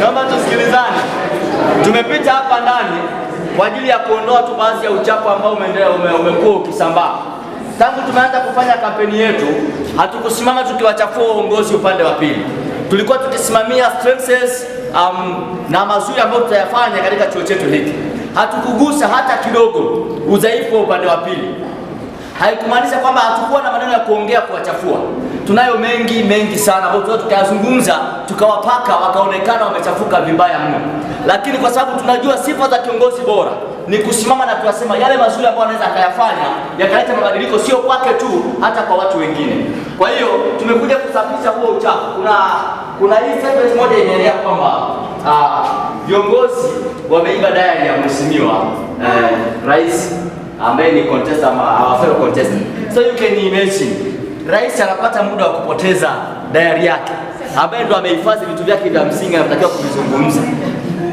Naomba tusikilizane. Tumepita hapa ndani kwa ajili ya kuondoa tu baadhi ya uchafu ambao umeendelea umekuwa ukisambaa. Tangu tumeanza kufanya kampeni yetu, hatukusimama tukiwachafua uongozi upande wa pili. Tulikuwa tukisimamia strengths, um, na mazuri ambayo tutayafanya katika chuo chetu hiki hatukugusa hata kidogo udhaifu wa upande wa pili. Haikumaanisha kwamba hatukuwa na maneno ya kuongea kuwachafua. Tunayo mengi mengi sana ambayo tukayazungumza tukawapaka wakaonekana wamechafuka vibaya mno, lakini kwa sababu tunajua sifa za kiongozi bora ni kusimama na kuyasema yale mazuri ambayo anaweza akayafanya yakaleta mabadiliko, sio kwake tu, hata kwa watu wengine. Kwa hiyo tumekuja kusafisha huo uchafu. Kuna kuna hii sentence moja imeelea kwamba uh, Viongozi wameiba diary ya mheshimiwa eh, rais ambaye ni contest ama fellow contestant. So you can imagine rais anapata muda wa kupoteza diary yake ambaye ndo amehifadhi vitu vyake vya msingi anatakiwa kuvizungumza.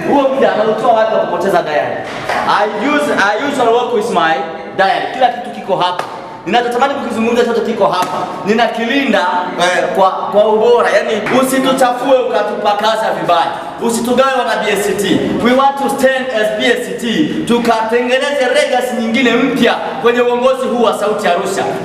Huo muda anautoa wapi wa kupoteza diary? I use I usually work with my diary. Kila kitu kiko hapa ninachotamani kukizungumza chote kiko hapa, ninakilinda eh, kwa, kwa ubora, yani usituchafue ukatupakaza vibaya usitugawe na BST. We want to stand as BST, tukatengeneze legacy nyingine mpya kwenye uongozi huu wa Sauti ya Arusha.